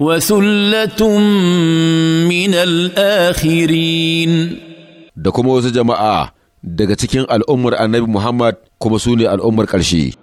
وثلة من الآخرين da kuma wasu jama'a daga cikin al'ummar annabi Muhammad kuma su ne al'ummar ƙarshe.